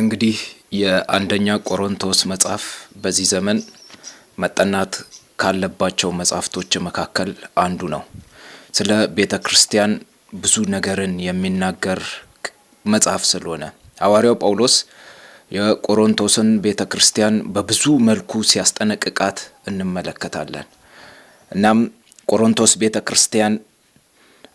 እንግዲህ የአንደኛ ቆሮንቶስ መጽሐፍ በዚህ ዘመን መጠናት ካለባቸው መጽሐፍቶች መካከል አንዱ ነው። ስለ ቤተ ክርስቲያን ብዙ ነገርን የሚናገር መጽሐፍ ስለሆነ ሐዋርያው ጳውሎስ የቆሮንቶስን ቤተ ክርስቲያን በብዙ መልኩ ሲያስጠነቅቃት እንመለከታለን። እናም ቆሮንቶስ ቤተ ክርስቲያን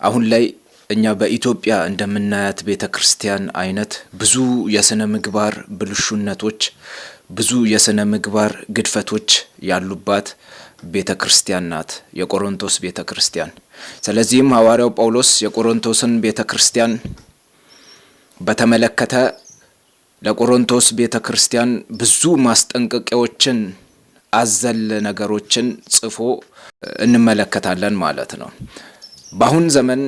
አሁን ላይ እኛ በኢትዮጵያ እንደምናያት ቤተ ክርስቲያን አይነት ብዙ የስነ ምግባር ብልሹነቶች፣ ብዙ የስነ ምግባር ግድፈቶች ያሉባት ቤተ ክርስቲያን ናት የቆሮንቶስ ቤተ ክርስቲያን። ስለዚህም ሐዋርያው ጳውሎስ የቆሮንቶስን ቤተ ክርስቲያን በተመለከተ ለቆሮንቶስ ቤተ ክርስቲያን ብዙ ማስጠንቀቂያዎችን አዘል ነገሮችን ጽፎ እንመለከታለን ማለት ነው በአሁን ዘመን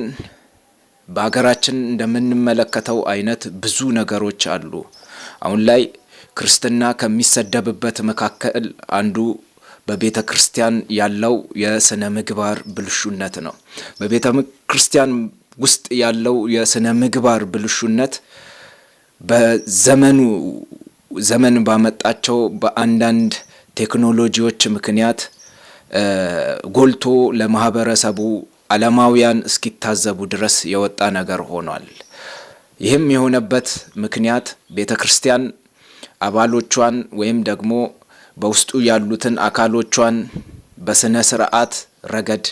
በሀገራችን እንደምንመለከተው አይነት ብዙ ነገሮች አሉ። አሁን ላይ ክርስትና ከሚሰደብበት መካከል አንዱ በቤተ ክርስቲያን ያለው የስነ ምግባር ብልሹነት ነው። በቤተ ክርስቲያን ውስጥ ያለው የስነ ምግባር ብልሹነት በዘመኑ ዘመን ባመጣቸው በአንዳንድ ቴክኖሎጂዎች ምክንያት ጎልቶ ለማህበረሰቡ ዓለማውያን እስኪታዘቡ ድረስ የወጣ ነገር ሆኗል። ይህም የሆነበት ምክንያት ቤተ ክርስቲያን አባሎቿን ወይም ደግሞ በውስጡ ያሉትን አካሎቿን በስነ ስርዓት ረገድ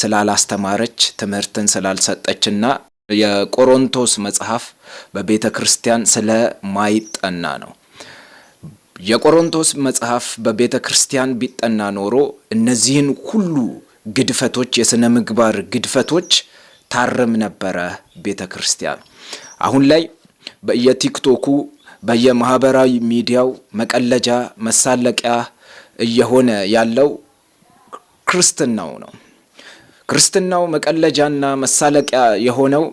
ስላላስተማረች ትምህርትን ስላልሰጠችና የቆሮንቶስ መጽሐፍ በቤተ ክርስቲያን ስለማይጠና ነው። የቆሮንቶስ መጽሐፍ በቤተ ክርስቲያን ቢጠና ኖሮ እነዚህን ሁሉ ግድፈቶች፣ የሥነ ምግባር ግድፈቶች ታርም ነበረ ቤተ ክርስቲያን። አሁን ላይ በየቲክቶኩ በየማህበራዊ ሚዲያው መቀለጃ መሳለቂያ እየሆነ ያለው ክርስትናው ነው። ክርስትናው መቀለጃና መሳለቂያ የሆነው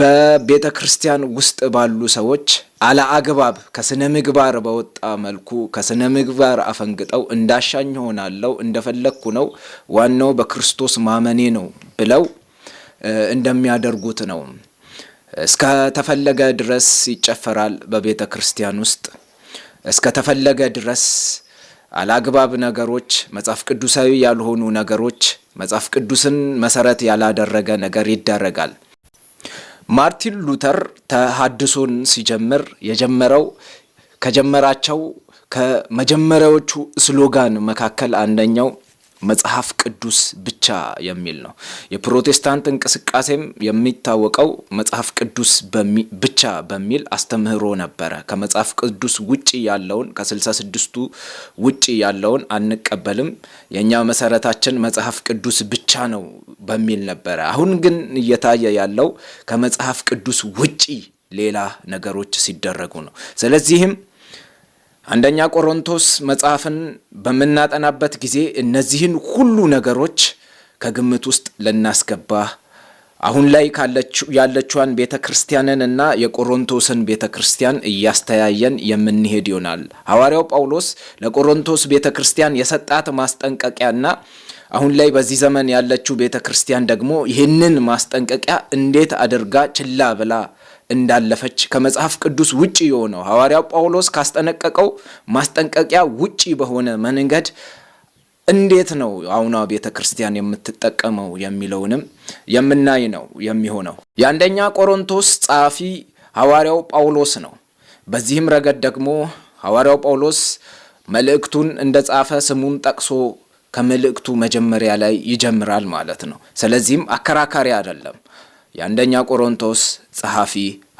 በቤተ ክርስቲያን ውስጥ ባሉ ሰዎች አለአግባብ ከስነ ምግባር በወጣ መልኩ ከስነ ምግባር አፈንግጠው እንዳሻኝ ሆናለው እንደፈለግኩ ነው፣ ዋናው በክርስቶስ ማመኔ ነው ብለው እንደሚያደርጉት ነው። እስከተፈለገ ድረስ ይጨፈራል በቤተ ክርስቲያን ውስጥ እስከተፈለገ ድረስ አላግባብ ነገሮች፣ መጽሐፍ ቅዱሳዊ ያልሆኑ ነገሮች፣ መጽሐፍ ቅዱስን መሰረት ያላደረገ ነገር ይደረጋል። ማርቲን ሉተር ተሃድሶን ሲጀምር የጀመረው ከጀመራቸው ከመጀመሪያዎቹ ስሎጋን መካከል አንደኛው መጽሐፍ ቅዱስ ብቻ የሚል ነው። የፕሮቴስታንት እንቅስቃሴም የሚታወቀው መጽሐፍ ቅዱስ ብቻ በሚል አስተምህሮ ነበረ። ከመጽሐፍ ቅዱስ ውጭ ያለውን ከስልሳ ስድስቱ ውጭ ያለውን አንቀበልም፣ የእኛ መሰረታችን መጽሐፍ ቅዱስ ብቻ ነው በሚል ነበረ። አሁን ግን እየታየ ያለው ከመጽሐፍ ቅዱስ ውጪ ሌላ ነገሮች ሲደረጉ ነው። ስለዚህም አንደኛ ቆሮንቶስ መጽሐፍን በምናጠናበት ጊዜ እነዚህን ሁሉ ነገሮች ከግምት ውስጥ ልናስገባ አሁን ላይ ያለችዋን ቤተ ክርስቲያንን እና የቆሮንቶስን ቤተ ክርስቲያን እያስተያየን የምንሄድ ይሆናል። ሐዋርያው ጳውሎስ ለቆሮንቶስ ቤተ ክርስቲያን የሰጣት ማስጠንቀቂያና አሁን ላይ በዚህ ዘመን ያለችው ቤተ ክርስቲያን ደግሞ ይህንን ማስጠንቀቂያ እንዴት አድርጋ ችላ ብላ እንዳለፈች ከመጽሐፍ ቅዱስ ውጪ የሆነው ሐዋርያው ጳውሎስ ካስጠነቀቀው ማስጠንቀቂያ ውጪ በሆነ መንገድ እንዴት ነው አሁኗ ቤተ ክርስቲያን የምትጠቀመው የሚለውንም የምናይ ነው የሚሆነው። የአንደኛ ቆሮንቶስ ጸሐፊ ሐዋርያው ጳውሎስ ነው። በዚህም ረገድ ደግሞ ሐዋርያው ጳውሎስ መልእክቱን እንደ ጻፈ ስሙን ጠቅሶ ከመልእክቱ መጀመሪያ ላይ ይጀምራል ማለት ነው። ስለዚህም አከራካሪ አይደለም። የአንደኛ ቆሮንቶስ ጸሐፊ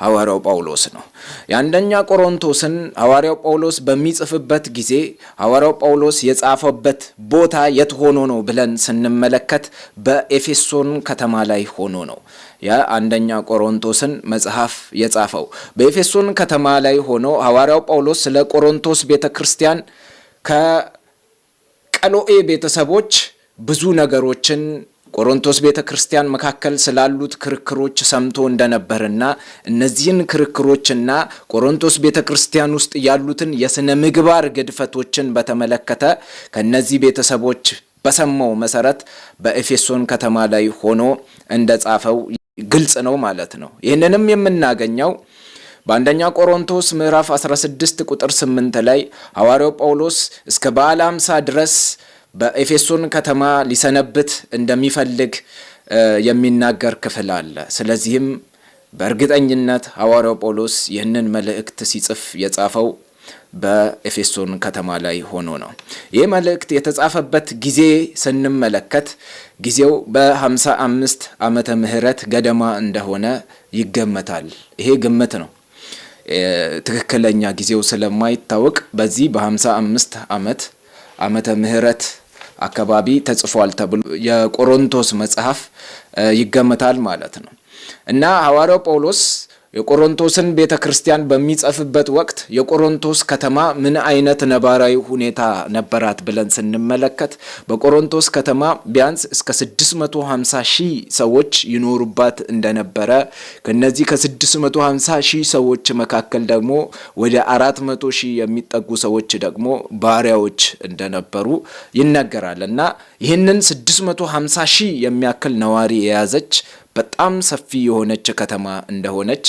ሐዋርያው ጳውሎስ ነው። የአንደኛ ቆሮንቶስን ሐዋርያው ጳውሎስ በሚጽፍበት ጊዜ ሐዋርያው ጳውሎስ የጻፈበት ቦታ የት ሆኖ ነው ብለን ስንመለከት በኤፌሶን ከተማ ላይ ሆኖ ነው የአንደኛ ቆሮንቶስን መጽሐፍ የጻፈው። በኤፌሶን ከተማ ላይ ሆኖ ሐዋርያው ጳውሎስ ስለ ቆሮንቶስ ቤተ ክርስቲያን ከቀሎኤ ቤተሰቦች ብዙ ነገሮችን ቆሮንቶስ ቤተ ክርስቲያን መካከል ስላሉት ክርክሮች ሰምቶ እንደነበርና እነዚህን ክርክሮችና ቆሮንቶስ ቤተ ክርስቲያን ውስጥ ያሉትን የሥነ ምግባር ግድፈቶችን በተመለከተ ከእነዚህ ቤተሰቦች በሰማው መሰረት በኤፌሶን ከተማ ላይ ሆኖ እንደጻፈው ግልጽ ነው ማለት ነው። ይህንንም የምናገኘው በአንደኛ ቆሮንቶስ ምዕራፍ 16 ቁጥር 8 ላይ ሐዋርያው ጳውሎስ እስከ በዓለ ሃምሳ ድረስ በኤፌሶን ከተማ ሊሰነብት እንደሚፈልግ የሚናገር ክፍል አለ። ስለዚህም በእርግጠኝነት ሐዋርያው ጳውሎስ ይህንን መልእክት ሲጽፍ የጻፈው በኤፌሶን ከተማ ላይ ሆኖ ነው። ይህ መልእክት የተጻፈበት ጊዜ ስንመለከት ጊዜው በ55 ዓመተ ምህረት ገደማ እንደሆነ ይገመታል። ይሄ ግምት ነው። ትክክለኛ ጊዜው ስለማይታወቅ በዚህ በ55 ዓመት ዓመተ ምህረት አካባቢ ተጽፏል ተብሎ የቆሮንቶስ መጽሐፍ ይገመታል ማለት ነው እና ሐዋርያው ጳውሎስ የቆሮንቶስን ቤተ ክርስቲያን በሚጽፍበት ወቅት የቆሮንቶስ ከተማ ምን አይነት ነባራዊ ሁኔታ ነበራት ብለን ስንመለከት በቆሮንቶስ ከተማ ቢያንስ እስከ 650 ሺህ ሰዎች ይኖሩባት እንደነበረ ከነዚህ ከ650 ሺህ ሰዎች መካከል ደግሞ ወደ 400 ሺህ የሚጠጉ ሰዎች ደግሞ ባሪያዎች እንደነበሩ ይነገራል እና ይህንን 650 ሺህ የሚያክል ነዋሪ የያዘች በጣም ሰፊ የሆነች ከተማ እንደሆነች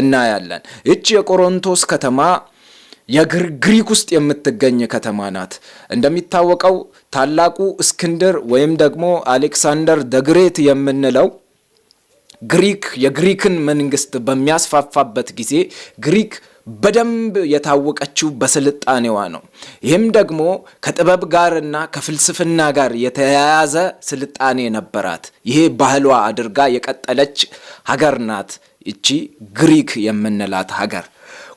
እናያለን። ይች የቆሮንቶስ ከተማ የግሪክ ውስጥ የምትገኝ ከተማ ናት። እንደሚታወቀው ታላቁ እስክንድር ወይም ደግሞ አሌክሳንደር ደግሬት የምንለው ግሪክ የግሪክን መንግስት በሚያስፋፋበት ጊዜ ግሪክ በደንብ የታወቀችው በስልጣኔዋ ነው። ይህም ደግሞ ከጥበብ ጋርና ከፍልስፍና ጋር የተያያዘ ስልጣኔ ነበራት። ይሄ ባህሏ አድርጋ የቀጠለች ሀገር ናት እቺ ግሪክ የምንላት ሀገር።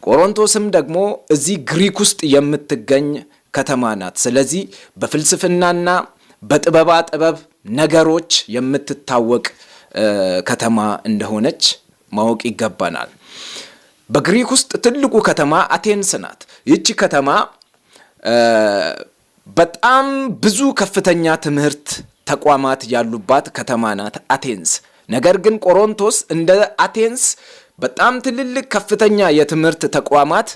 ቆሮንቶስም ደግሞ እዚህ ግሪክ ውስጥ የምትገኝ ከተማ ናት። ስለዚህ በፍልስፍናና በጥበባ ጥበብ ነገሮች የምትታወቅ ከተማ እንደሆነች ማወቅ ይገባናል። በግሪክ ውስጥ ትልቁ ከተማ አቴንስ ናት። ይቺ ከተማ በጣም ብዙ ከፍተኛ ትምህርት ተቋማት ያሉባት ከተማ ናት አቴንስ። ነገር ግን ቆሮንቶስ እንደ አቴንስ በጣም ትልልቅ ከፍተኛ የትምህርት ተቋማት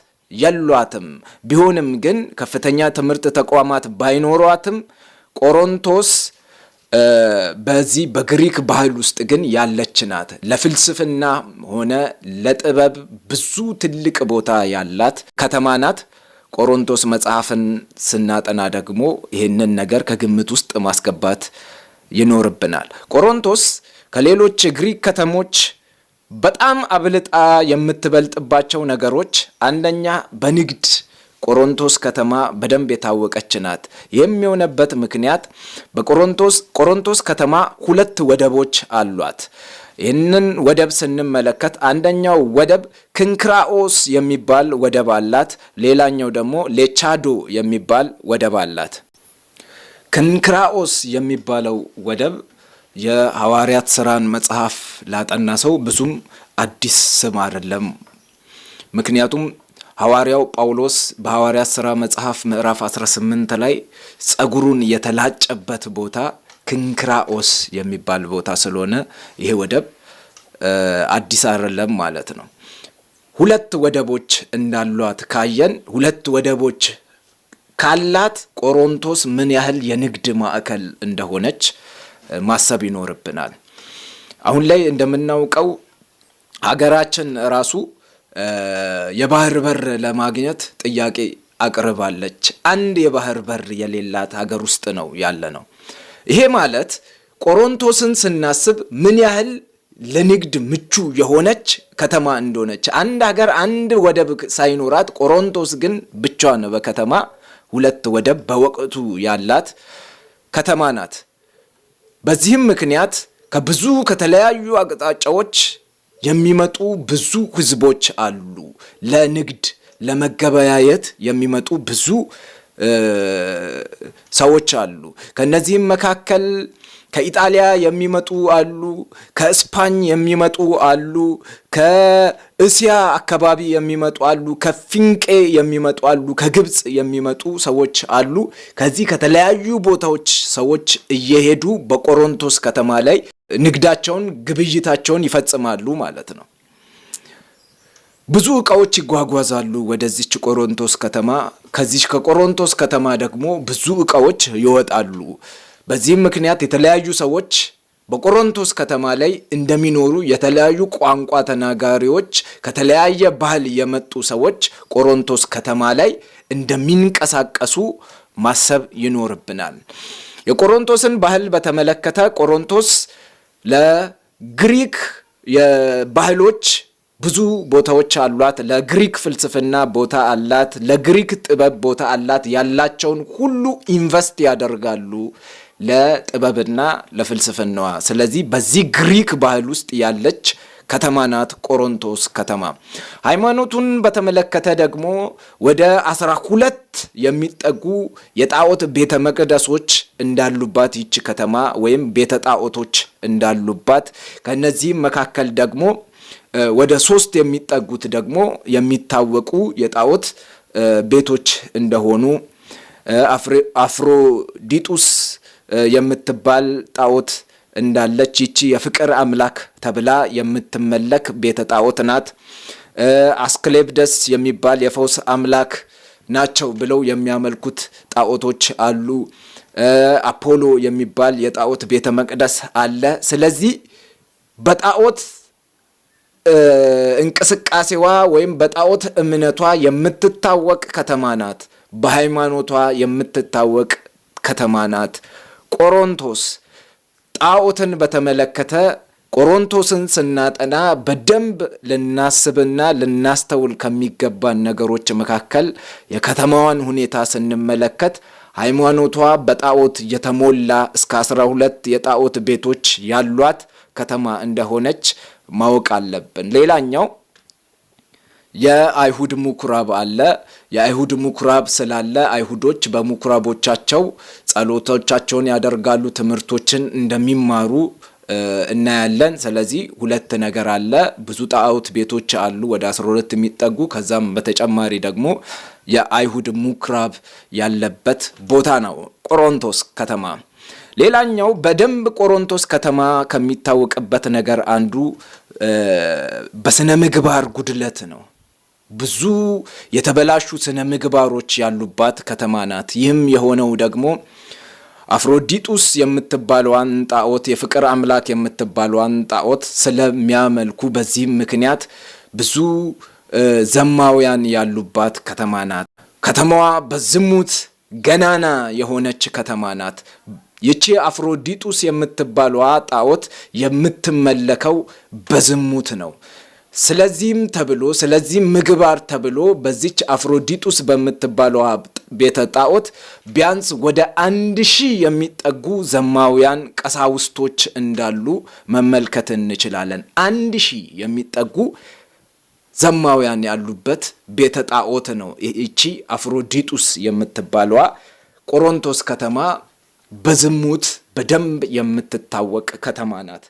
የሏትም። ቢሆንም ግን ከፍተኛ ትምህርት ተቋማት ባይኖሯትም ቆሮንቶስ በዚህ በግሪክ ባህል ውስጥ ግን ያለች ናት። ለፍልስፍና ሆነ ለጥበብ ብዙ ትልቅ ቦታ ያላት ከተማ ናት። ቆሮንቶስ መጽሐፍን ስናጠና ደግሞ ይህንን ነገር ከግምት ውስጥ ማስገባት ይኖርብናል። ቆሮንቶስ ከሌሎች ግሪክ ከተሞች በጣም አብልጣ የምትበልጥባቸው ነገሮች አንደኛ በንግድ ቆሮንቶስ ከተማ በደንብ የታወቀች ናት። ይህም የሆነበት ምክንያት በቆሮንቶስ ቆሮንቶስ ከተማ ሁለት ወደቦች አሏት። ይህንን ወደብ ስንመለከት አንደኛው ወደብ ክንክራኦስ የሚባል ወደብ አላት። ሌላኛው ደግሞ ሌቻዶ የሚባል ወደብ አላት። ክንክራኦስ የሚባለው ወደብ የሐዋርያት ስራን መጽሐፍ ላጠና ሰው ብዙም አዲስ ስም አይደለም። ምክንያቱም ሐዋርያው ጳውሎስ በሐዋርያት ሥራ መጽሐፍ ምዕራፍ 18 ላይ ጸጉሩን የተላጨበት ቦታ ክንክራኦስ የሚባል ቦታ ስለሆነ ይሄ ወደብ አዲስ አይደለም ማለት ነው። ሁለት ወደቦች እንዳሏት ካየን ሁለት ወደቦች ካላት ቆሮንቶስ ምን ያህል የንግድ ማዕከል እንደሆነች ማሰብ ይኖርብናል። አሁን ላይ እንደምናውቀው ሀገራችን ራሱ የባህር በር ለማግኘት ጥያቄ አቅርባለች። አንድ የባህር በር የሌላት ሀገር ውስጥ ነው ያለ ነው። ይሄ ማለት ቆሮንቶስን ስናስብ ምን ያህል ለንግድ ምቹ የሆነች ከተማ እንደሆነች አንድ ሀገር አንድ ወደብ ሳይኖራት፣ ቆሮንቶስ ግን ብቻዋን በከተማ ሁለት ወደብ በወቅቱ ያላት ከተማ ናት። በዚህም ምክንያት ከብዙ ከተለያዩ አቅጣጫዎች የሚመጡ ብዙ ህዝቦች አሉ። ለንግድ ለመገበያየት የሚመጡ ብዙ ሰዎች አሉ። ከእነዚህም መካከል ከኢጣሊያ የሚመጡ አሉ፣ ከእስፓኝ የሚመጡ አሉ፣ እስያ አካባቢ የሚመጡ አሉ፣ ከፊንቄ የሚመጡ አሉ፣ ከግብፅ የሚመጡ ሰዎች አሉ። ከዚህ ከተለያዩ ቦታዎች ሰዎች እየሄዱ በቆሮንቶስ ከተማ ላይ ንግዳቸውን፣ ግብይታቸውን ይፈጽማሉ ማለት ነው። ብዙ እቃዎች ይጓጓዛሉ ወደዚች ቆሮንቶስ ከተማ። ከዚች ከቆሮንቶስ ከተማ ደግሞ ብዙ እቃዎች ይወጣሉ። በዚህም ምክንያት የተለያዩ ሰዎች በቆሮንቶስ ከተማ ላይ እንደሚኖሩ የተለያዩ ቋንቋ ተናጋሪዎች ከተለያየ ባህል የመጡ ሰዎች ቆሮንቶስ ከተማ ላይ እንደሚንቀሳቀሱ ማሰብ ይኖርብናል። የቆሮንቶስን ባህል በተመለከተ ቆሮንቶስ ለግሪክ የባህሎች ብዙ ቦታዎች አሏት። ለግሪክ ፍልስፍና ቦታ አላት። ለግሪክ ጥበብ ቦታ አላት። ያላቸውን ሁሉ ኢንቨስት ያደርጋሉ። ለጥበብና ለፍልስፍናዋ። ስለዚህ በዚህ ግሪክ ባህል ውስጥ ያለች ከተማ ናት ቆሮንቶስ ከተማ። ሃይማኖቱን በተመለከተ ደግሞ ወደ አስራ ሁለት የሚጠጉ የጣዖት ቤተ መቅደሶች እንዳሉባት ይች ከተማ ወይም ቤተ ጣዖቶች እንዳሉባት ከነዚህም መካከል ደግሞ ወደ ሶስት የሚጠጉት ደግሞ የሚታወቁ የጣዖት ቤቶች እንደሆኑ አፍሮዲጡስ የምትባል ጣዖት እንዳለች ይቺ የፍቅር አምላክ ተብላ የምትመለክ ቤተ ጣዖት ናት። አስክሌብደስ የሚባል የፈውስ አምላክ ናቸው ብለው የሚያመልኩት ጣዖቶች አሉ። አፖሎ የሚባል የጣዖት ቤተ መቅደስ አለ። ስለዚህ በጣዖት እንቅስቃሴዋ ወይም በጣዖት እምነቷ የምትታወቅ ከተማ ናት። በሃይማኖቷ የምትታወቅ ከተማ ናት። ቆሮንቶስ ጣዖትን በተመለከተ ቆሮንቶስን ስናጠና በደንብ ልናስብና ልናስተውል ከሚገባን ነገሮች መካከል የከተማዋን ሁኔታ ስንመለከት ሃይማኖቷ በጣዖት የተሞላ እስከ አስራ ሁለት የጣዖት ቤቶች ያሏት ከተማ እንደሆነች ማወቅ አለብን። ሌላኛው የአይሁድ ምኩራብ አለ። የአይሁድ ምኩራብ ስላለ አይሁዶች በምኩራቦቻቸው ጸሎቶቻቸውን ያደርጋሉ፣ ትምህርቶችን እንደሚማሩ እናያለን። ስለዚህ ሁለት ነገር አለ። ብዙ ጣዖት ቤቶች አሉ፣ ወደ 12 የሚጠጉ ከዛም በተጨማሪ ደግሞ የአይሁድ ምኩራብ ያለበት ቦታ ነው ቆሮንቶስ ከተማ። ሌላኛው በደንብ ቆሮንቶስ ከተማ ከሚታወቅበት ነገር አንዱ በስነ ምግባር ጉድለት ነው። ብዙ የተበላሹ ስነ ምግባሮች ያሉባት ከተማ ናት። ይህም የሆነው ደግሞ አፍሮዲጡስ የምትባለዋን ጣዖት የፍቅር አምላክ የምትባለዋን ጣዖት ስለሚያመልኩ በዚህም ምክንያት ብዙ ዘማውያን ያሉባት ከተማ ናት። ከተማዋ በዝሙት ገናና የሆነች ከተማ ናት። ይቺ አፍሮዲጡስ የምትባለዋ ጣዖት የምትመለከው በዝሙት ነው። ስለዚህም ተብሎ ስለዚህም ምግባር ተብሎ በዚች አፍሮዲጡስ በምትባለው ቤተ ጣዖት ቢያንስ ወደ አንድ ሺህ የሚጠጉ ዘማውያን ቀሳውስቶች እንዳሉ መመልከት እንችላለን። አንድ ሺህ የሚጠጉ ዘማውያን ያሉበት ቤተ ጣዖት ነው ይቺ አፍሮዲጡስ የምትባለዋ ቆሮንቶስ ከተማ በዝሙት በደንብ የምትታወቅ ከተማ ናት።